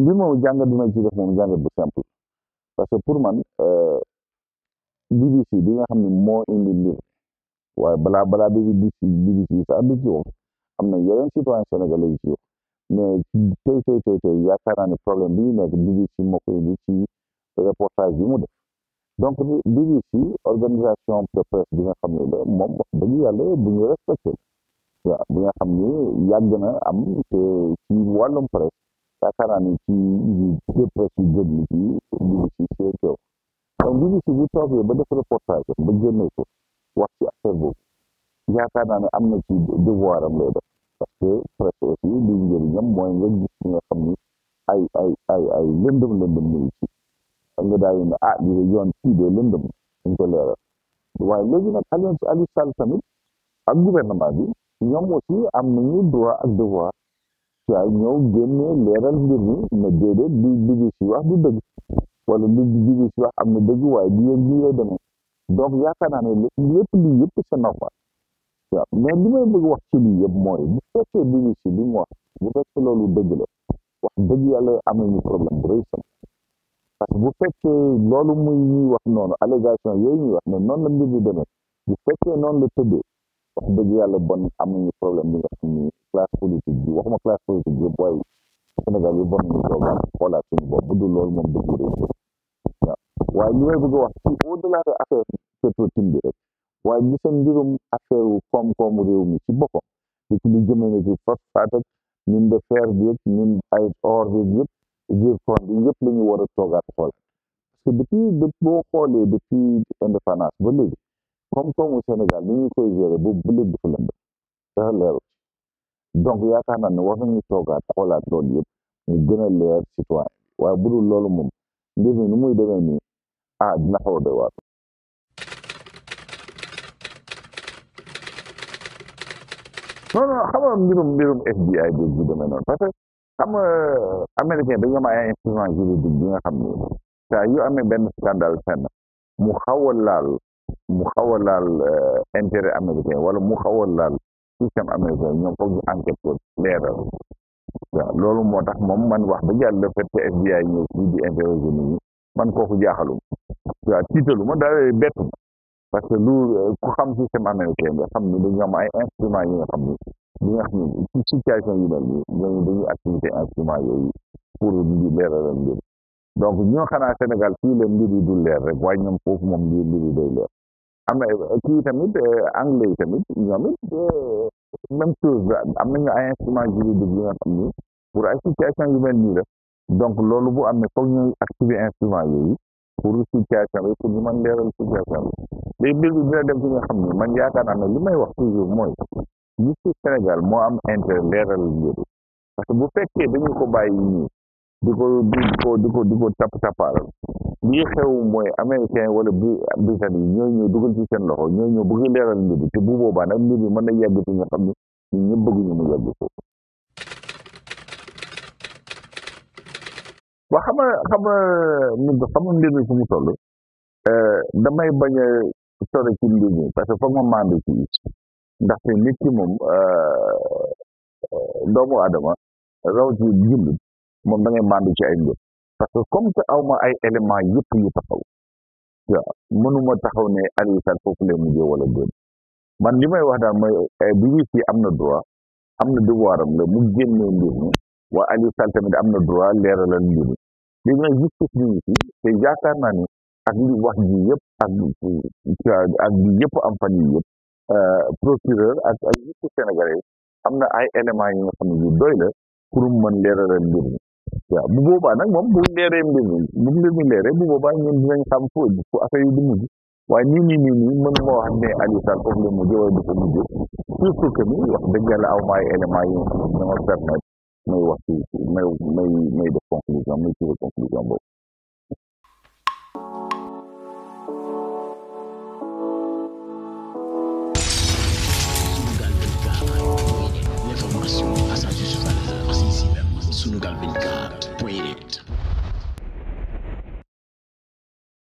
mbir moomu jàngat bi ma ci def moom jàngat bu simple parce que pour man euh, BBC bi nga xam ne moo indi mbir waaye balaa balaa BBC BBC sax di ci wax am na yeneen citoyen sénégalais yu ci wax mais tey tey tey tey yaakaar naa ne problème bi ñu nekk BBC moo koy indi ci reportage bi mu def donc BBC organisation de presse bi nga xam ne la moom wax dëgg yàlla bu ñu respecté waaw bi nga xam ne yàgg na am te ci wàllum presse yaakaar naa ne ci lépp rek ci jëm ni ci BBC seen teew donc BBC bu toogee ba def reportage ba génnee ko wax ci affaire boobu yaakaar naa ne am na ci devoir am lay def parce que presse aussi li njëriñam mooy nga gis nga xam ni ay ay ay ay lëndëm lëndëm ñu ngi ci nga daal ne ah li yoon fii de lëndëm dañ ko leeral waaye léegi nag Aliou Aliou Sall tamit ak gouvernement bi ñoom aussi am nañu droit ak devoir waaw ñëw génnee leeral mbir mi ne déedéet di BBC wax du dëgg wala li BBC wax am na dëgg waaye di yëg lii lay demee donc yaakaar naa ne lépp lii yëpp c'est normal waaw mais li may bëgg wax ci lii yëpp mooy bu fekkee BBC li mu wax bu fekkee loolu dëgg la wax dëgg yàlla am nañu problème bu rëy sama parce que bu fekkee loolu muy ñuy wax noonu allégation yooyu ñuy wax ne noonu la mbir mi demee bu fekkee noonu la tëddee wax dëgg yàlla bon am nañu problème bi nga xam ni classe politique bi waxuma classe politique yëpp waaye Sénégal yi bon ñu doog a xoolaat suñu bopp bu loolu moom dëgg réew waaw waaye li may bëgg wax ci au delà de affaire Petrotim bi rek waaye giseen mbirum affaire wu koom réew mi ci boppam di ci li jëmee ne ci phosphate ak mine de fer bi ak mine ay or bi yëpp yëpp la ñu war a toogaat xool parce que depuis boo xoolee depuis indépendance ba léegi koom-koomu Sénégal ni ñu koy gérer bu bu léegi dafa lënd donc yaakaar naa ne war nañu toogaat xoolaat lool yëpp mu gën leer citoyen waaye bu dul loolu moom mbir nu muy demee nii ah dina xaw a doy waar non mbirum mbirum FBI bi bi demee noonu parce que xam nga euh, américain dañu am ay instrument nga xam ni saa yu amee benn scandale fenn mu xaw a mu xaw a laal euh, intérêt américain wala mu xaw laal système américain ñoom foog ñu enquête ko leeral waaw loolu moo tax moom man wax dëgg yàlla le fait que FBI ñëw fii di interroger nit man kooku jaaxalum waaw tiitalu daal bett ma parce que lu euh, ku xam système américain nga xam ni dañu am ay instrument yi nga xam ni li nga xam ni ci situation yu mel nii ñooñu dañuy activité instrument yooyu pour ñu leeralal donc ñoo xanaa Sénégal fii la mbir yi du leer rek waaye ñoom foofu moom lii mbir yi day leer am na kii tamit anglais yi tamit ñoom it même chose am nañu ay instrument juridique yi nga xam ni pour ay situation yu mel nii la donc loolu bu amee foog ñuy activer instrument yooyu pour situation bi pour ñu mën leeral situation bi léegi mbir bi dina dem ci naa ne li may wax toujours mooy justice Sénégal moo am intérêt leeral mbir parce que bu fekkee dañu ko bàyyi nii di ko di ko di ko di ko tapp lii xew mooy américain wala bi bisan yi ñëw dugal ci seen loxo ñooy ñëw bëgg leeral mbir bi te bu boobaa nag mbir bi mën na yàgg fi nga xam ne ñun ñëpp bëgguñu mu yàgg foofu waa xam xam ko xam nga mbir mi fu mu toll eh, damay bañ a sore ci mbir mi parce que foog ma mànd ci ndaxte nit ki moom eh, eh, doomu aadama raw ci jullit moom da ngay màndu ci ay mbir parce que comme que aw ma ay éléments yëpp yu taxaw waaw mënuma taxaw ne Aliou foofu lay mujjee wala déet man li may wax daal mooy eh, BBC am na droit am na devoir am la mu génnee mbir mi waa Aliou tamit am na droit leeralal mbir mi léegi nag justice bi ñu ci te yaakaar naa ni ak li wax ji yëpp ak ak ji yëpp am fan yi yëpp euh, procureur ak ak justice sénégalais am na ay éléments yi nga xam ne yu doy la pour mën leeralal mbir mi waaw bu boobaa nag moom bu leeree mbir mi bu mbir mi leeree bu boobaa ñun dinañ xam foo fu affaire yi di mujj waaye a nii nii nii mën nga wax ne Aliou Sall foofu la mujj waaye du ko mujj surtout que ni wax dëgg yàlla aw maay élément yi nga xam ne dama permettre may wax ci may may may def conclusion may tiré conclusion boobu separated.